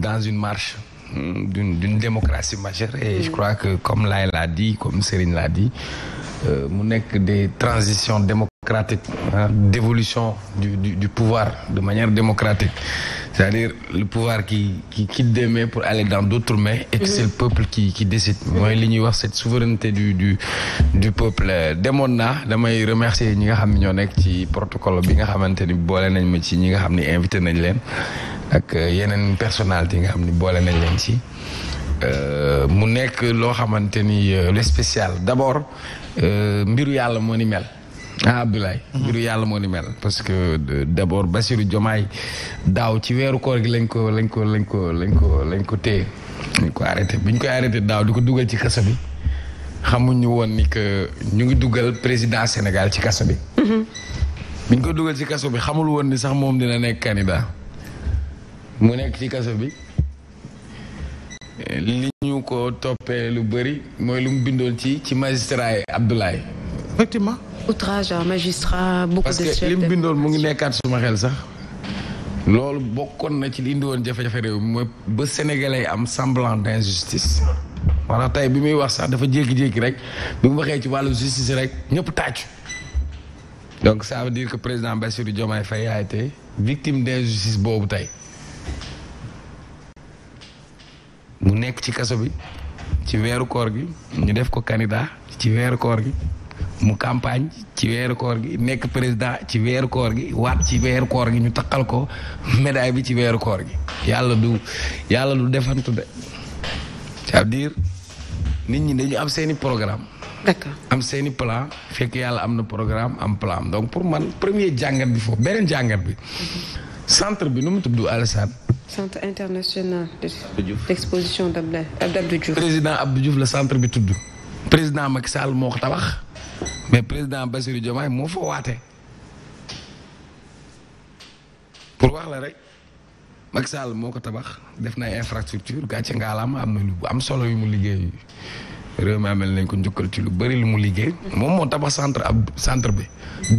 dans une marche hmm, du d'une démocratie majeure et je hmm. crois que comme Laye l'a di comme Serigne l'a dit euh, mu nekk des transitions démocratiques hein, d'évolution du, du, du pouvoir de manière démocratique c'est-à-dire le pouvoir qui qui quitte des mains pour aller dans d'autres mains et que c'est le peuple qui décide mooy li ñuy wax cette souveraineté du du du peuple demoon naa damay remercier ñi nga xam ne ñoo nekk ci protocole bi nga xamante ni boole nañ ma ci ñi nga xam ne invité nañ leen ak euh, yeneen personnalité yi nga xam ni boole nañ leen ci euh, mu nekk loo xamante ni euh, le spécial d'abord mbiru yàlla moo ni mel ah Abdoulaye mm-hmm. mbiru yàlla moo ni mel parce que d'abord Bassirou Diomaye daaw ci weeru koor gi lañ ko lañ ko lañ ko lañ ko lañ ko téye lañ ko arrêté bi ñu koy arrêté daaw di ko dugal ci kaso bi xamuñu woon ni que ñu ngi dugal président Sénégal ci kaso bi mm-hmm. bi ñu dugal ci kaso bi xamul woon ni sax moom dina nekk candidat mu nekk ci kaso bi li ñu ko toppee lu bëri mooy lu mu bindoon ci ci magistrat yi Abdoulaye. effectivement. outrage à magistrat. beaucoup de que li mu bindoon mu ngi nekkaat suma xel sax. loolu bokkoon na ci li indi woon jafe-jafe réew mi mooy ba sénégalais am semblant d'injustice. maanaam tey bi muy wax sax dafa jékki-jékki rek bi mu waxee ci wàllu justice rek ñëpp tàccu. donc ça veut dire que président Bassirou Diomaye Faye a été victime d'injustice boobu tey. mu nekk ci kaso bi ci weeru koor gi ñu def ko candidat ci weeru koor gi mu campagne ci weeru koor gi nekk président ci weeru koor gi wax ci weeru koor gi ñu taqal ko médaille bi ci weeru koor gi yàlla du yàlla du defantu de cest à nit ñi dañu am seeni programme d'accord am seeni plan fekk yàlla am na programme am plan donc pour man premier jàngat bi foofu beneen jàngat bi mhm. centre bi nu mu tudd Alassane centre international d'exposition d'Abdou Diouf. président Abdou Diouf la centre bi tudd président Macky Sall moo ko tabax mais président Bassirou Diomaye moo fa waate pour wax la rek Macky Sall moo ko tabax def na infrastructure gàcce ngaalaam am na lu am solo yu mu liggéey réew mi amel nañ ko njukkal ci lu bëri lu mu liggéey. moom moo tabax centre ab centre bi.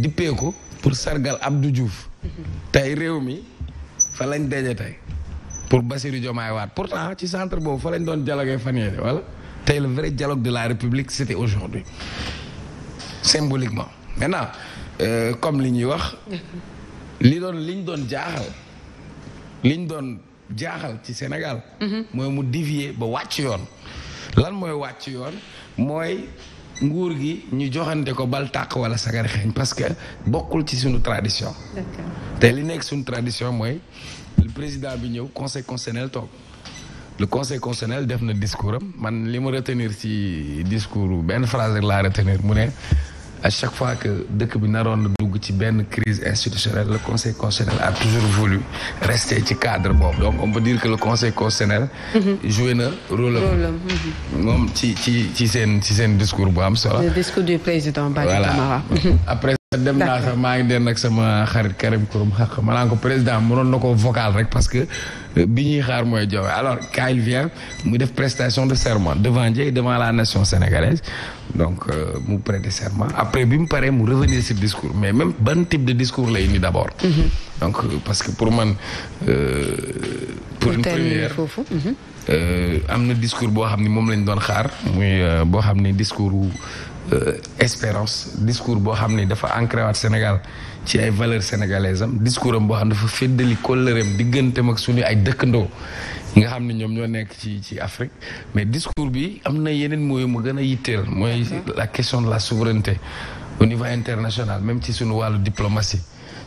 dippee ko pour sargal Abdou juuf mhm. tey réew mi fa lañ daje tey. pour Bassirou Diomaye Wade pourtant ci centre boobu fa lañ doon dialogué fan yéene wala tey le vrai dialogue de la république c'était aujourd'hui symboliquement maintenant euh, comme li ñuy wax li doon liñ doon jaaxal liñ doon jaaxal ci Sénégal mhm. mooy mu dévier ba wàcc yoon lan mooy wàcc yoon mooy nguur gi ñu joxante ko bal tàq wala sagar xeeñ parce que bokkul ci suñu tradition te li nekk suñu tradition mooy président bi ñëw conseil constitutionnel toog le conseil constitutionnel def na discours am man li ma retenir ci discours benn phrase la laa retenir mu ne à chaque fois que dëkk bi naroon na dugg ci benn crise institutionnelle le conseil constitutionnel a toujours voulu resté ci cadre boobu donc on peut dire que le conseil constitutionnel mm-hmm. joué na rôle am mm-hmm. moom ci ci ci seen ci seen discours bu am solo le discours du président Badji Camara dem naa xarit Karim Kurum xaq ma naan ko président mënoon na ko vocal rek parce que euh, bi ñuy xaar mooy Diomaye alors quand il vient mu def prestation de serment devant Dieu et devant la nation sénégalaise donc euh, mu prêter serment après bi mu paree mu revenir sur discours mais même ban type de discours lay indi d'abord mm-hmm. donc euh, parce que pour man pour une foofu mhm. euh, am na discours boo xam ni moom lañ doon xaar muy euh, boo xam ni discours euh, espérance discours boo xam ni dafa ancré at Sénégal ci ay valeurs sénégalaises am discours boo xam dafa féddali kóllëreem digganteem ak suñu ay dëkkandoo nga xam ne ñoom ñoo nekk ci ci Afrique mais discours bi am na yeneen mooy mu gën a yitteel mooy la question de la souveraineté au niveau international même ci suñu wàllu diplomatie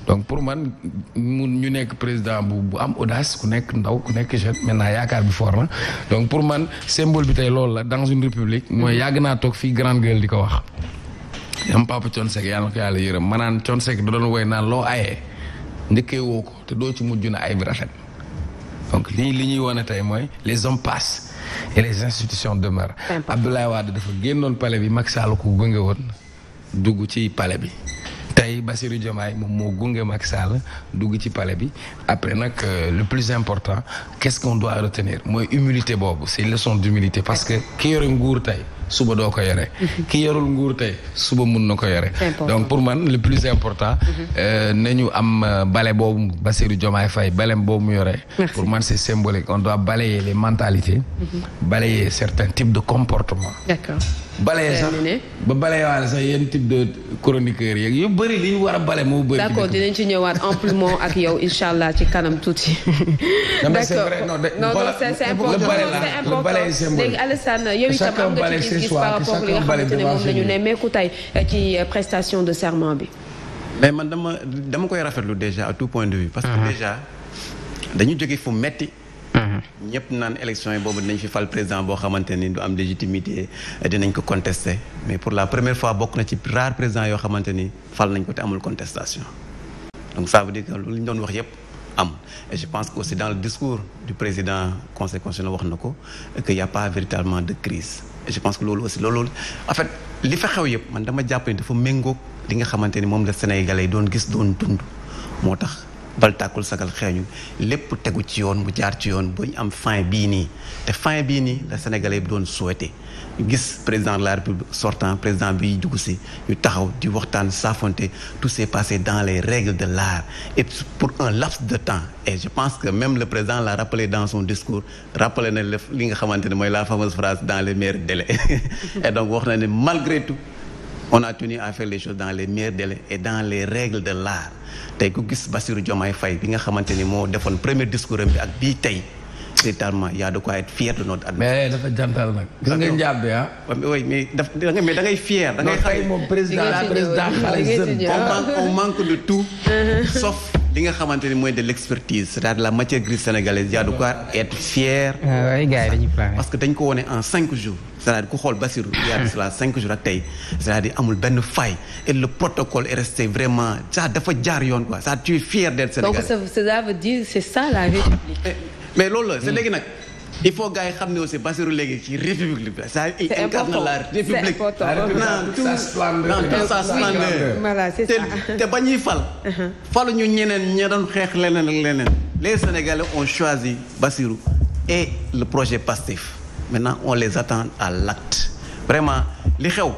donc pour man mun ñu nekk président bu bu am audace ku nekk ndaw ku nekk jeune maintenant yaakaar bi foor na donc pour man symbole bi tey loolu la dans une république mooy yàgg naa toog fii grande gueule di ko wax. am papa Thione Seck yàlla na ko yàlla yërëm ma naan Thione da doon woy naan loo ayee njëkkee woo ko te doo ci mujj na ay bi rafet donc li li ñuy wone tey mooy les hommes passent et les institutions demeurent. Abdoulaye Wade dafa génnoon pale bi mag Sall ko gënge woon dugg ci palais bi. Diomaye Bassirou Diomaye moom moo gunge Macky Sall dugg ci pale bi après nag euh, le plus important qu'est-ce qu'on doit retenir mooy humilité boobu c'est une leçon d'humilité parce que ki yore nguur tey suba doo ko yore. Mhm. ki yorul nguur tey suba mun na ko yore. donc pour man le plus important. Mhm. Euh, nañu am euh, bale boobu Bassirou Diomaye Faye balem boobu mu yore. pour man c'est symbolique on doit balayer les mentalités. Mhm. balayer certains types de comportements. balee sax ba baleewaale sax yenn type de chroniqueur yeeg yu bëri war a bale moo bëri. d' dinañ ci ñëwaat amplement ak yow incha allah ci kanam tuuti. d' accord non non c' est important c' est important yow itam nga ci gis par rapport ak li nga xamante ne moom la ne meeku tey euh, ci euh, prestation de serment bi. mais man dama dama koy rafetlu déjà à tout point de vue. parce que mhm. déjà dañu jóge fu metti ñëpp naan élection yi boobu dinañ fi fal président boo xamante ni du am légitimité dinañ ko contester mais pour la première fois bokk na ci rare président yoo xamante ni fal nañ ko te amul contestation donc ça veut dire que lu ñu doon wax yëpp am et je pense que aussi dans le discours du président conseil constitutionnel wax na ko que y pas véritablement de crise et je pense que loolu aussi loolu en fait li fa xew yëpp man dama jàpp ni dafa méngoog li nga xamante ni moom la Sénégalais yi doon gis doon dund moo tax bal sagal xeeñu lépp tegu ci yoon mu jaar ci yoon ba ñu am fin bii nii te fin bii nii la Sénégalais bi doon souhaité gis président la République sortant président bi dugg si ñu taxaw di waxtaan saafonte tout s'est passé dans les règles de l'art et pour un laps de temps et je pense que même le président l'a rappelé dans son discours rappelé na li nga xamante ne mooy la fameuse phrase dans les meilleurs délais et donc wax na ne malgré tout on a tenu à faire les choses dans les meilleurs délais et dans les règles de l'art tey ku gis Bassirou Diomaye fay bi nga xamante ni moo defoon premier discours am bi ak bii tey sincèrement y a de quoi être fier de dafa jantal nag. gis nga njaab ah. bi mais da ngay da ngay fier. li nga xamante ni mooy de l' est à dire la matière grise sénégalaise y a de quoi être fier. Ah parce que dañ ko wone en cinq jours. c'est-à-dire ku xool Bassirou il y a cela cinq jours a tey cest à amul benn faille le protocole est resté vraiment ça dafa jaar yoon quoi ça tu es fier d'être la république mais loolu la c'est léegi nag il faut gars yi xam ne aussi Bassirou léegi ci république bi ça incarne la république te ba fal uh-huh. falu ñu ñeneen ña doon xeex leneen ak leneen les sénégalais ont et le projet PASTEF maintenant on les attend à l'acte vraiment li xew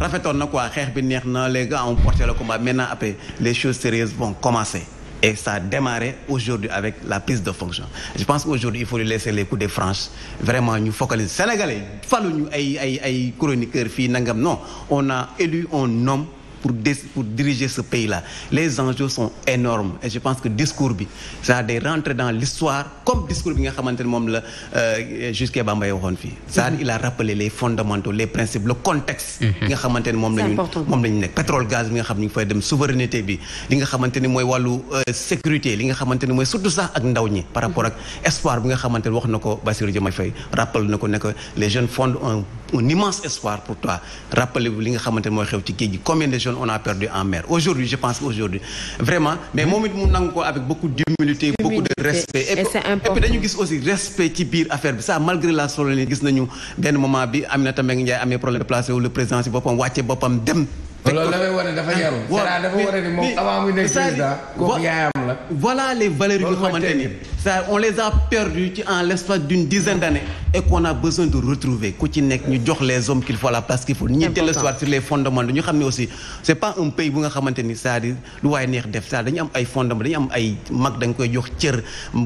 rafetoon na quoi xeex bi neex na les gars ont porté le combat maintenant après les choses sérieuses vont commencer et ça a démarré aujourd'hui avec la prise de fonction je pense qu'aujourd'hui il faut lui laisser les coups de franche vraiment ñu focaliser sénégalais faluñu ay ay ay chroniqueur fii nangam non on a élu un homme pour pour diriger ce pays-là les enjeux sont énormes et je pense que discours bi ça day rentrer dans l'histoire comme discours bi nga xamante ne moom la euh, jusqu'à Bambaye waxoon fii ça mm-hmm. il a rappelé les fondamentaux les principes le contexte mm-hmm. nga xamante ne moom lañu moom la ñu nekk pétrole gaz bi nga xam ne ñu ngi fay dem souveraineté bi li nga xamante ne mooy wàllu euh, sécurité li nga xamante ne mooy surtout sax ak ndaw ñi par rapport mm-hmm. ak espoir bi nga xamante ne wax na ko Bassirou Diomaye Faye rappel na ko ne les jeunes fondent un un immense espoir pour toi rappelez-vous li nga xamante ne mooy xew ci géej gi combien de jeunes on a perdu en mer aujourd'hui je pense aujourd'hui vraiment mais moom it mu nangu ko avec beaucoup d'humilité beaucoup de respect et puis dañu gis ci biir affaire bi ça malgré la solennité gis nañu benn moment bi Aminata Mbengue Ndiaye amee problème de placé wu le président si boppam wàcce boppam dem loolu dafay wane dafa yaru. waaw la. voilà les valeurs yu xamante ça on les a perdus ci en l'espace d'une dizaine d'années et qu'on a jox les hommes dire lu waaye neex def cest dañu am ay fondements dañu am ay mag da koy jox cër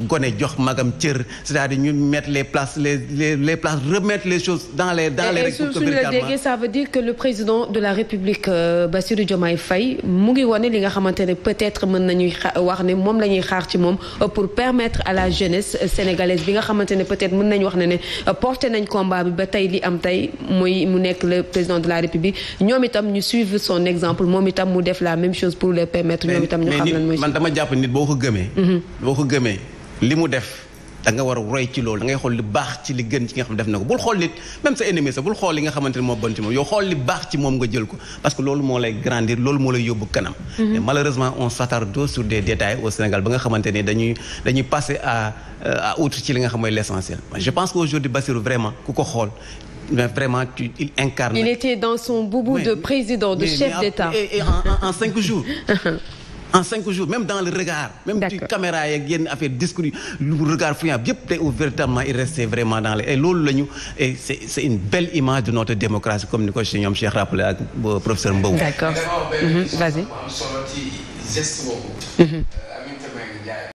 gone jox magam cër cest dire ñu mettre les places les les les remettre les choses dans les dans les règles suñu la déggee ça le président de la République euh, Bassirou Diomaye Faye mu ngi wone li nga xamante ne peut-être mën nañuy wax ne moom la ñuy xaar ci moom euh, pour permettre à la jeunesse sénégalaise bi nga xamante ne peut-être mën nañ wax ne ne euh, porté nañ combat bi ba tey li am tey mooy mu nekk le président de la république ñoom itam ñu suivre son exemple moom itam mu def la même chose pour les permettre ñoom itam ñu xam lan mooy man dama jàpp nit boo ko gëmee mhm. boo ko gëmee li mu def danga nga war a roy ci loolu da ngay xool li baax ci li gën ci nga xam ne def na ko bul xool nit même sa ennemi sa bul xool li nga xamante moo bon ci moom yow xool li baax ci moom nga jël ko parce que loolu moo lay grandir loolu moo lay yóbbu kanam mhm. malheureusement on s'attarde sur des détails au Sénégal ba nga xamante dañuy passer à outre euh, ci li nga xam mooy je pense que aujourd'hui Bassirou vraiment ku ko xool mais vraiment il incarne. il était dans en cinq jours dans le regard. même ci caméra yeeg yenn affaire discours lu regard friable yëpp tey véritablement il restait vraiment dans les loolu la ñu une belle image de notre démocratie comme ni ko si ñoom Cheikh rappelé ak euh, professeur Mbow.